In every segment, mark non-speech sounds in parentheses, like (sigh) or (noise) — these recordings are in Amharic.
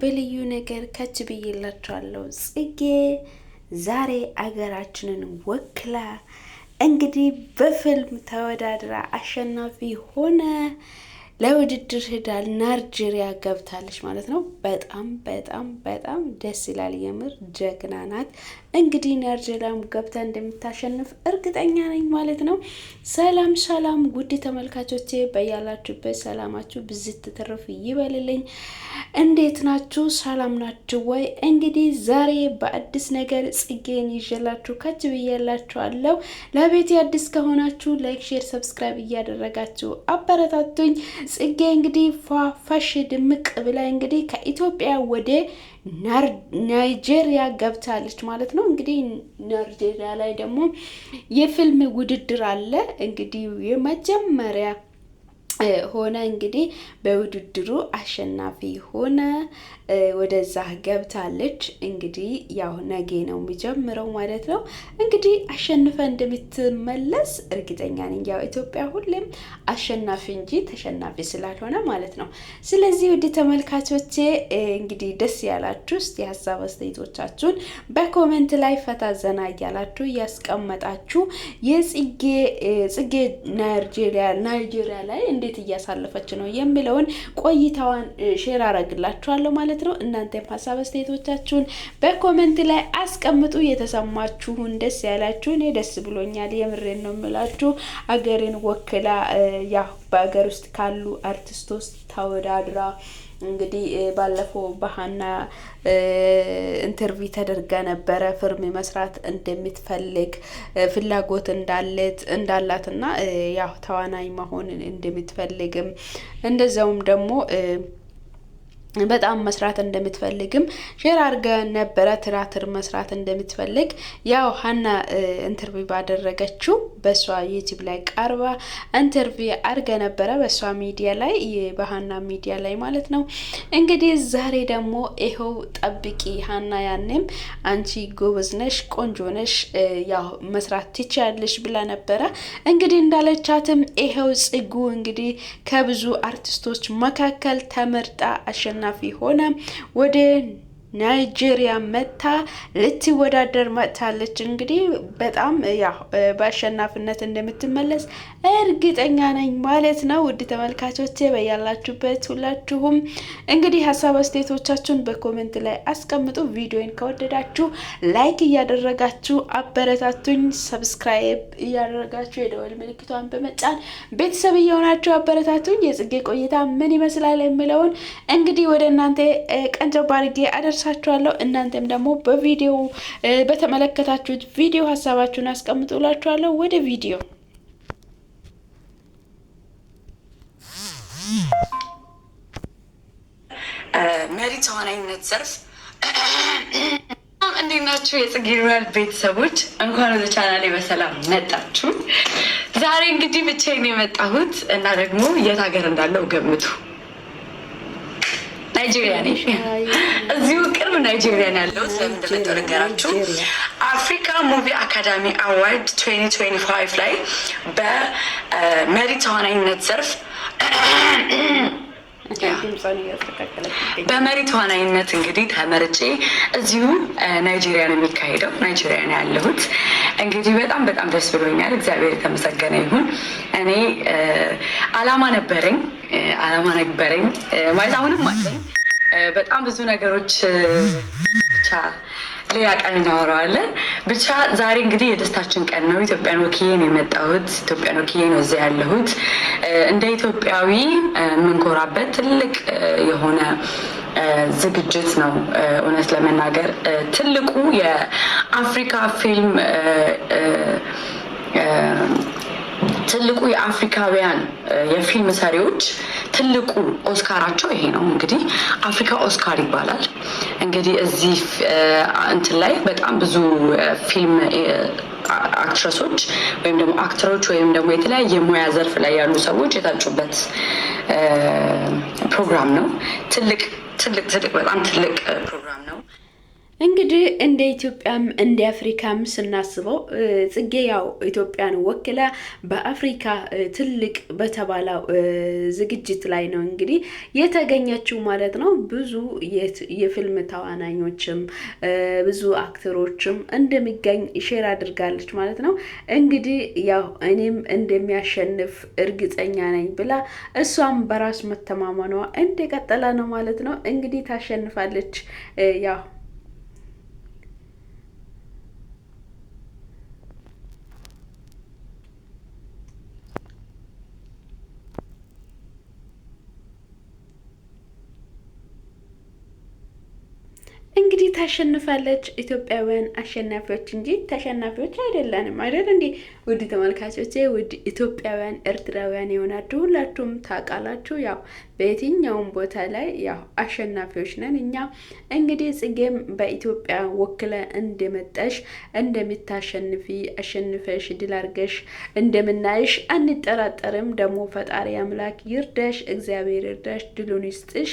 በልዩ ነገር ከች ብዬላችኋለሁ። ጽጌ ዛሬ አገራችንን ወክላ እንግዲህ በፊልም ተወዳድራ አሸናፊ ሆነ ለውድድር ሄዳል ናይጄሪያ ገብታለች ማለት ነው። በጣም በጣም በጣም ደስ ይላል። የምር ጀግና ናት። እንግዲህ ናይጄሪያም ገብታ እንደምታሸንፍ እርግጠኛ ነኝ ማለት ነው። ሰላም ሰላም፣ ውድ ተመልካቾቼ በያላችሁበት ሰላማችሁ ብዝት ትትርፍ ይበልልኝ። እንዴት ናችሁ? ሰላም ናችሁ ወይ? እንግዲህ ዛሬ በአዲስ ነገር ጽጌን ይዤላችሁ ከች ብያላችኋለሁ። ለቤት አዲስ ከሆናችሁ ላይክ፣ ሼር፣ ሰብስክራይብ እያደረጋችሁ አበረታቱኝ ጽጌ እንግዲህ ፋፋሽ ድምቅ ብላ እንግዲህ ከኢትዮጵያ ወደ ናይጄሪያ ገብታለች ማለት ነው። እንግዲህ ናይጄሪያ ላይ ደግሞ የፊልም ውድድር አለ። እንግዲህ የመጀመሪያ ሆነ እንግዲህ በውድድሩ አሸናፊ ሆነ። ወደዛ ገብታለች። እንግዲህ ያው ነጌ ነው የሚጀምረው ማለት ነው። እንግዲህ አሸንፈ እንደምትመለስ እርግጠኛ ነኝ። ያው ኢትዮጵያ ሁሌም አሸናፊ እንጂ ተሸናፊ ስላልሆነ ማለት ነው። ስለዚህ ውድ ተመልካቾቼ እንግዲህ ደስ ያላችሁ ውስጥ የሀሳብ አስተያየቶቻችሁን በኮሜንት ላይ ፈታ ዘና እያላችሁ እያስቀመጣችሁ የጽጌ ጽጌ ናይጄሪያ ላይ እንደ እንዴት እያሳለፈች ነው የሚለውን ቆይታዋን ሼር አረግላችኋለሁ ማለት ነው። እናንተም ሀሳብ አስተያየቶቻችሁን በኮመንት ላይ አስቀምጡ። የተሰማችሁን ደስ ያላችሁ፣ እኔ ደስ ብሎኛል። የምሬን ነው የምላችሁ። አገሬን ወክላ ያው በሀገር ውስጥ ካሉ አርቲስቶች ተወዳድራ እንግዲህ ባለፈው ባህና ኢንተርቪው ተደርጋ ነበረ። ፊልም መስራት እንደምትፈልግ ፍላጎት እንዳለት እንዳላትና ያው ተዋናይ መሆን እንደምትፈልግም እንደዚያውም ደግሞ በጣም መስራት እንደምትፈልግም ሼር አድርገ ነበረ። ትራትር መስራት እንደምትፈልግ ያው ሀና ኢንተርቪው ባደረገችው በእሷ ዩቲብ ላይ ቀርባ ኢንተርቪው አድርገ ነበረ፣ በእሷ ሚዲያ ላይ በሀና ሚዲያ ላይ ማለት ነው። እንግዲህ ዛሬ ደግሞ ይኸው ጠብቂ ሀና፣ ያንም አንቺ ጎበዝ ነሽ፣ ቆንጆ ነሽ፣ ያው መስራት ትችያለሽ ብላ ነበረ። እንግዲህ እንዳለቻትም ይኸው ጽጉ እንግዲህ ከብዙ አርቲስቶች መካከል ተመርጣ አሸና አሸናፊ ሆነ ወደ ናይጄሪያ መታ ልትወዳደር መጥታለች። እንግዲህ በጣም ያው በአሸናፊነት እንደምትመለስ እርግጠኛ ነኝ ማለት ነው። ውድ ተመልካቾቼ በያላችሁበት ሁላችሁም እንግዲህ ሀሳብ አስተያየቶቻችሁን በኮሜንት ላይ አስቀምጡ። ቪዲዮን ከወደዳችሁ ላይክ እያደረጋችሁ አበረታቱኝ። ሰብስክራይብ እያደረጋችሁ የደወል ምልክቷን በመጫን ቤተሰብ እየሆናችሁ አበረታቱኝ። የጽጌ ቆይታ ምን ይመስላል የሚለውን እንግዲህ ወደ እናንተ ቀንጨባርጌ አደርሳ ጠቅሳችኋለሁ። እናንተም ደግሞ በቪዲዮ በተመለከታችሁት ቪዲዮ ሀሳባችሁን አስቀምጡላችኋለሁ። ወደ ቪዲዮ መሪ ተዋናይነት ዘርፍ (clears throat) እንዴት ናችሁ? የጽጌ ሮያል ቤተሰቦች እንኳን ወደ ቻናሌ በሰላም መጣችሁ። ዛሬ እንግዲህ ብቻዬን የመጣሁት እና ደግሞ የት ሀገር እንዳለው ገምቱ። ናይጄሪያ ነኝ። እዚሁ ናይጄሪያን ያለሁት ለምን እንደምትነገራችሁ አፍሪካ ሙቪ አካዳሚ አዋርድ 2025 ላይ በመሪ ተዋናኝነት ዘርፍ በመሪ ተዋናይነት እንግዲህ ተመርጬ እዚሁ ናይጄሪያ ነው የሚካሄደው። ናይጄሪያ ነው ያለሁት። እንግዲህ በጣም በጣም ደስ ብሎኛል። እግዚአብሔር የተመሰገነ ይሁን። እኔ አላማ ነበረኝ አላማ ነበረኝ ማለት አሁንም አለኝ በጣም ብዙ ነገሮች ብቻ ሌላ ቀን እናወራዋለን። ብቻ ዛሬ እንግዲህ የደስታችን ቀን ነው። ኢትዮጵያን ወክዬ ነው የመጣሁት። ኢትዮጵያን ወክዬ ነው እዚያ ያለሁት። እንደ ኢትዮጵያዊ የምንኮራበት ትልቅ የሆነ ዝግጅት ነው። እውነት ለመናገር ትልቁ የአፍሪካ ፊልም ትልቁ የአፍሪካውያን የፊልም ሰሪዎች ትልቁ ኦስካራቸው ይሄ ነው። እንግዲህ አፍሪካ ኦስካር ይባላል። እንግዲህ እዚህ እንትን ላይ በጣም ብዙ ፊልም አክትረሶች ወይም ደግሞ አክተሮች ወይም ደግሞ የተለያየ ሙያ ዘርፍ ላይ ያሉ ሰዎች የታጩበት ፕሮግራም ነው። ትልቅ ትልቅ ትልቅ በጣም ትልቅ ፕሮግራም ነው። እንግዲህ እንደ ኢትዮጵያም እንደ አፍሪካም ስናስበው ጽጌ ያው ኢትዮጵያን ወክለ በአፍሪካ ትልቅ በተባለው ዝግጅት ላይ ነው እንግዲህ የተገኘችው ማለት ነው። ብዙ የፊልም ተዋናኞችም ብዙ አክተሮችም እንደሚገኝ ሼር አድርጋለች ማለት ነው። እንግዲህ ያው እኔም እንደሚያሸንፍ እርግጠኛ ነኝ ብላ እሷም በራስ መተማመኗ እንደቀጠለ ነው ማለት ነው። እንግዲህ ታሸንፋለች ያው ታሸንፋለች። ኢትዮጵያውያን አሸናፊዎች እንጂ ተሸናፊዎች አይደለንም አይደል እንዴ? ውድ ተመልካቾቼ፣ ውድ ኢትዮጵያውያን ኤርትራውያን የሆናችሁ ሁላችሁም ታውቃላችሁ ያው በየትኛውም ቦታ ላይ ያው አሸናፊዎች ነን እኛ። እንግዲህ ጽጌም በኢትዮጵያ ወክለ እንደመጣሽ እንደምታሸንፊ አሸንፈሽ ድል አድርገሽ እንደምናይሽ አንጠራጠርም። ደግሞ ፈጣሪ አምላክ ይርዳሽ፣ እግዚአብሔር ይርዳሽ፣ ድሉን ይስጥሽ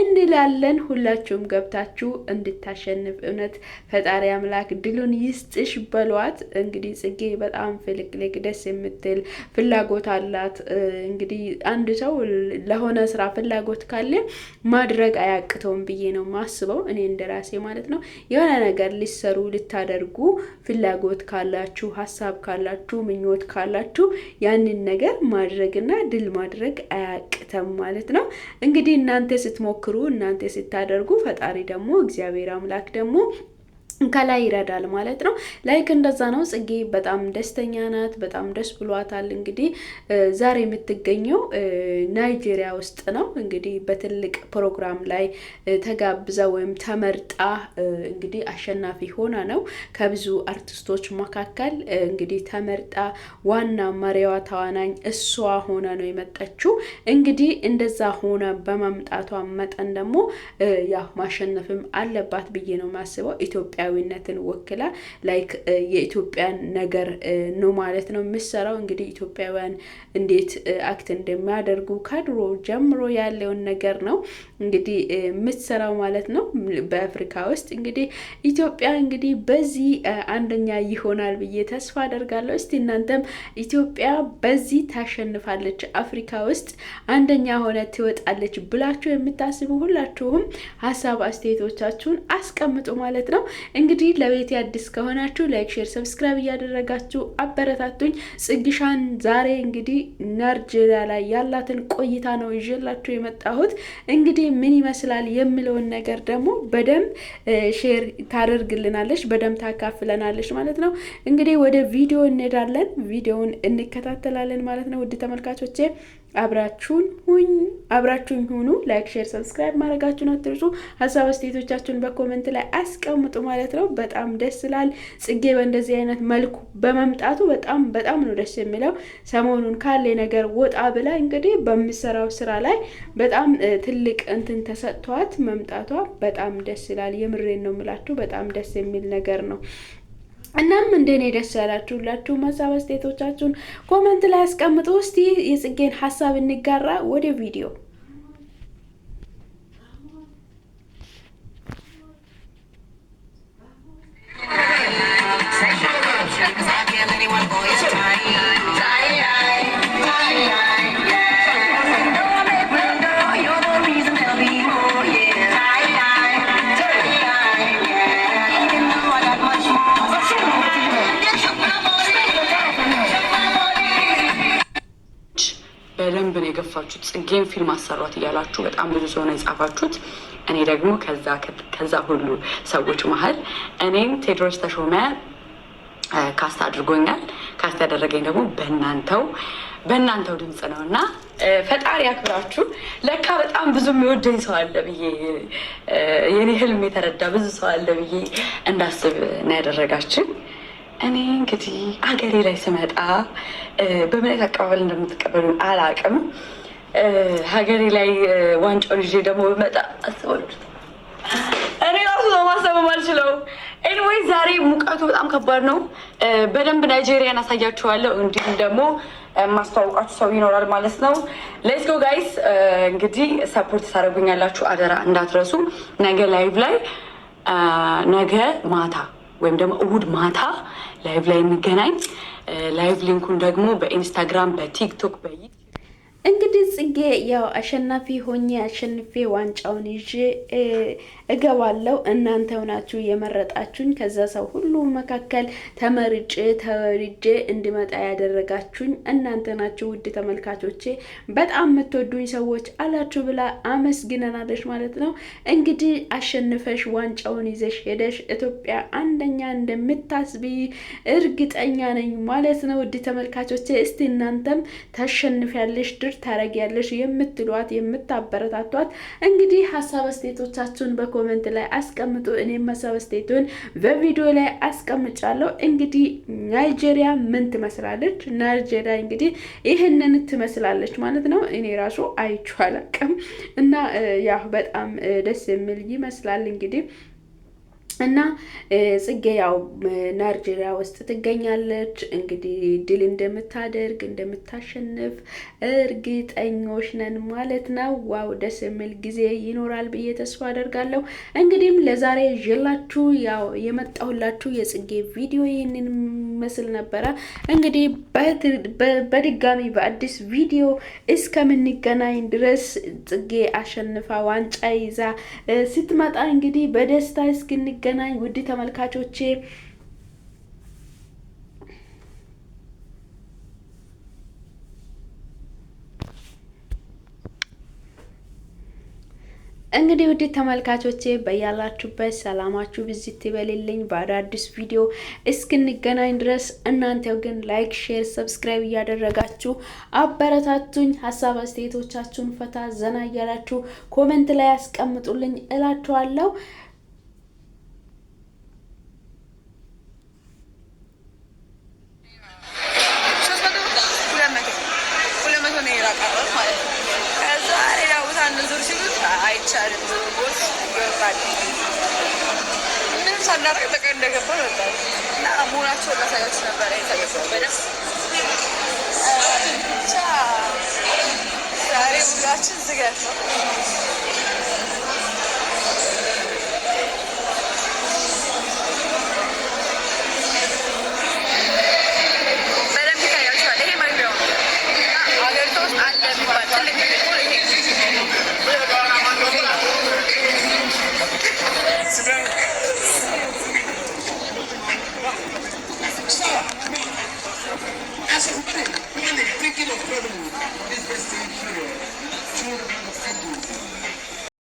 እንላለን። ሁላችሁም ገብታችሁ እንድታሸንፍ እውነት ፈጣሪ አምላክ ድሉን ይስጥሽ በሏት። እንግዲህ ጽጌ በጣም ፍልቅልቅ ደስ የምትል ፍላጎት አላት። እንግዲህ አንድ ሰው ለሆነ ስራ ስራ ፍላጎት ካለ ማድረግ አያቅተውም ብዬ ነው ማስበው፣ እኔ እንደራሴ ማለት ነው። የሆነ ነገር ሊሰሩ ልታደርጉ ፍላጎት ካላችሁ፣ ሀሳብ ካላችሁ፣ ምኞት ካላችሁ ያንን ነገር ማድረግና ድል ማድረግ አያቅተም ማለት ነው። እንግዲህ እናንተ ስትሞክሩ፣ እናንተ ስታደርጉ ፈጣሪ ደግሞ እግዚአብሔር አምላክ ደግሞ ከላይ ይረዳል ማለት ነው። ላይክ እንደዛ ነው። ጽጌ በጣም ደስተኛ ናት። በጣም ደስ ብሏታል። እንግዲህ ዛሬ የምትገኘው ናይጄሪያ ውስጥ ነው። እንግዲህ በትልቅ ፕሮግራም ላይ ተጋብዛ ወይም ተመርጣ እንግዲህ አሸናፊ ሆና ነው ከብዙ አርቲስቶች መካከል እንግዲህ ተመርጣ ዋና መሪዋ ተዋናኝ እሷ ሆና ነው የመጣችው። እንግዲህ እንደዛ ሆና በማምጣቷ መጠን ደግሞ ያው ማሸነፍም አለባት ብዬ ነው የማስበው ኢትዮጵያ ኢትዮጵያዊነትን ወክላ ላይክ የኢትዮጵያን ነገር ነው ማለት ነው የምሰራው። እንግዲህ ኢትዮጵያውያን እንዴት አክት እንደሚያደርጉ ከድሮ ጀምሮ ያለውን ነገር ነው እንግዲህ የምትሰራው ማለት ነው በአፍሪካ ውስጥ እንግዲህ ኢትዮጵያ እንግዲህ በዚህ አንደኛ ይሆናል ብዬ ተስፋ አደርጋለሁ። እስቲ እናንተም ኢትዮጵያ በዚህ ታሸንፋለች፣ አፍሪካ ውስጥ አንደኛ ሆነ ትወጣለች ብላችሁ የምታስቡ ሁላችሁም ሀሳብ አስተያየቶቻችሁን አስቀምጡ ማለት ነው። እንግዲህ ለቤት አዲስ ከሆናችሁ ላይክ፣ ሼር፣ ሰብስክራይብ እያደረጋችሁ አበረታቱኝ። ጽግሻን ዛሬ እንግዲህ ናይጄሪያ ላይ ያላትን ቆይታ ነው ይዤላችሁ የመጣሁት። እንግዲህ ምን ይመስላል የምለውን ነገር ደግሞ በደንብ ሼር ታደርግልናለች፣ በደንብ ታካፍለናለች ማለት ነው። እንግዲህ ወደ ቪዲዮ እንሄዳለን፣ ቪዲዮውን እንከታተላለን ማለት ነው። ውድ ተመልካቾቼ አብራችሁን ሁኝ አብራችሁኝ ሁኑ። ላይክ፣ ሼር፣ ሰብስክራይብ ማድረጋችሁን አትርሱ። ሀሳብ አስተያየቶቻችሁን በኮመንት ላይ አስቀምጡ ማለት ነው። በጣም ደስ ይላል። ጽጌ በእንደዚህ አይነት መልኩ በመምጣቱ በጣም በጣም ነው ደስ የሚለው። ሰሞኑን ካለ ነገር ወጣ ብላ እንግዲህ በምሰራው ስራ ላይ በጣም ትልቅ እንትን ተሰጥቷት መምጣቷ በጣም ደስ ይላል። የምሬን ነው የምላችሁ። በጣም ደስ የሚል ነገር ነው። እናም እንደኔ ደስ ያላችሁ ሁላችሁ ሀሳብ አስተያየቶቻችሁን ኮመንት ላይ አስቀምጡ። እስቲ የጽጌን ሀሳብ እንጋራ። ወደ ቪዲዮ የጻፋችሁት ጽጌን ፊልም አሰሯት እያላችሁ በጣም ብዙ ሰው ነው የጻፋችሁት። እኔ ደግሞ ከዛ ሁሉ ሰዎች መሀል እኔም ቴድሮስ ተሾመ ካስት አድርጎኛል። ካስት ያደረገኝ ደግሞ በእናንተው በእናንተው ድምፅ ነው እና ፈጣሪ አክብራችሁ። ለካ በጣም ብዙ የሚወደኝ ሰው አለ ብዬ የኔ ህልም የተረዳ ብዙ ሰው አለ ብዬ እንዳስብ ነው ያደረጋችን። እኔ እንግዲህ አገሬ ላይ ስመጣ በምን አይነት አቀባበል እንደምትቀበሉን አላቅም። ሀገሬ ላይ ዋንጫውን ይዤ ደግሞ ብመጣ አስበሉት። እኔ ራሱ ማሰብ አልችለው። ኤኒዌይ ዛሬ ሙቀቱ በጣም ከባድ ነው። በደንብ ናይጄሪያን አሳያችኋለሁ። እንዲሁም ደግሞ ማስተዋወቃችሁ ሰው ይኖራል ማለት ነው። ሌትስ ጎ ጋይስ። እንግዲህ ሰፖርት ታደርጉኛላችሁ አደራ እንዳትረሱ። ነገ ላይቭ ላይ ነገ ማታ ወይም ደግሞ እሁድ ማታ ላይቭ ላይ የሚገናኝ ላይቭ ሊንኩን ደግሞ በኢንስታግራም በቲክቶክ በይ እንግዲህ ጽጌ ያው አሸናፊ ሆኜ አሸንፌ ዋንጫውን ይዤ እገባለሁ። እናንተ ሆናችሁ የመረጣችሁኝ ከዛ ሰው ሁሉ መካከል ተመርጬ ተወርጄ እንድመጣ ያደረጋችሁኝ እናንተ ናችሁ። ውድ ተመልካቾቼ በጣም የምትወዱኝ ሰዎች አላችሁ ብላ አመስግነናለች ማለት ነው። እንግዲህ አሸንፈሽ ዋንጫውን ይዘሽ ሄደሽ ኢትዮጵያ አንደኛ እንደምታስቢ እርግጠኛ ነኝ ማለት ነው። ውድ ተመልካቾቼ እስቲ እናንተም ታሸንፊያለሽ ልጅ ታረጊያለሽ የምትሏት የምታበረታቷት እንግዲህ ሀሳብ አስተያየቶቻችሁን በኮመንት ላይ አስቀምጡ። እኔም ሀሳብ አስተያየቱን በቪዲዮ ላይ አስቀምጫለሁ። እንግዲህ ናይጄሪያ ምን ትመስላለች? ናይጄሪያ እንግዲህ ይህንን ትመስላለች ማለት ነው። እኔ ራሱ አይቼው አላውቅም እና ያው በጣም ደስ የሚል ይመስላል እንግዲህ እና ጽጌ ያው ናይጄሪያ ውስጥ ትገኛለች። እንግዲህ ድል እንደምታደርግ እንደምታሸንፍ እርግጠኞች ነን ማለት ነው። ዋው ደስ የሚል ጊዜ ይኖራል ብዬ ተስፋ አደርጋለሁ። እንግዲህም ለዛሬ ይዤላችሁ ያው የመጣሁላችሁ የጽጌ ቪዲዮ ይህንን መስል ነበረ። እንግዲህ በድጋሚ በአዲስ ቪዲዮ እስከምንገናኝ ድረስ ጽጌ አሸንፋ ዋንጫ ይዛ ስትመጣ እንግዲህ በደስታ እስክንገ እስክንገናኝ ውድ ተመልካቾቼ እንግዲህ ውድ ተመልካቾቼ በያላችሁበት ሰላማችሁ ብዝት ይበልልኝ። በአዳዲስ ቪዲዮ እስክንገናኝ ድረስ እናንተው ግን ላይክ፣ ሼር፣ ሰብስክራይብ እያደረጋችሁ አበረታቱኝ። ሀሳብ አስተያየቶቻችሁን ፈታ ዘና እያላችሁ ኮመንት ላይ ያስቀምጡልኝ እላችኋለሁ። አይቻልም። ቦች ይገባል። ምንም ሳናደርግ ተቀን እንደገባ ወጣ እና መሆናቸው ላሳያች ነበረ የተገባው በደስ ብቻ ዛሬ ውሏችን ዝገት ነው።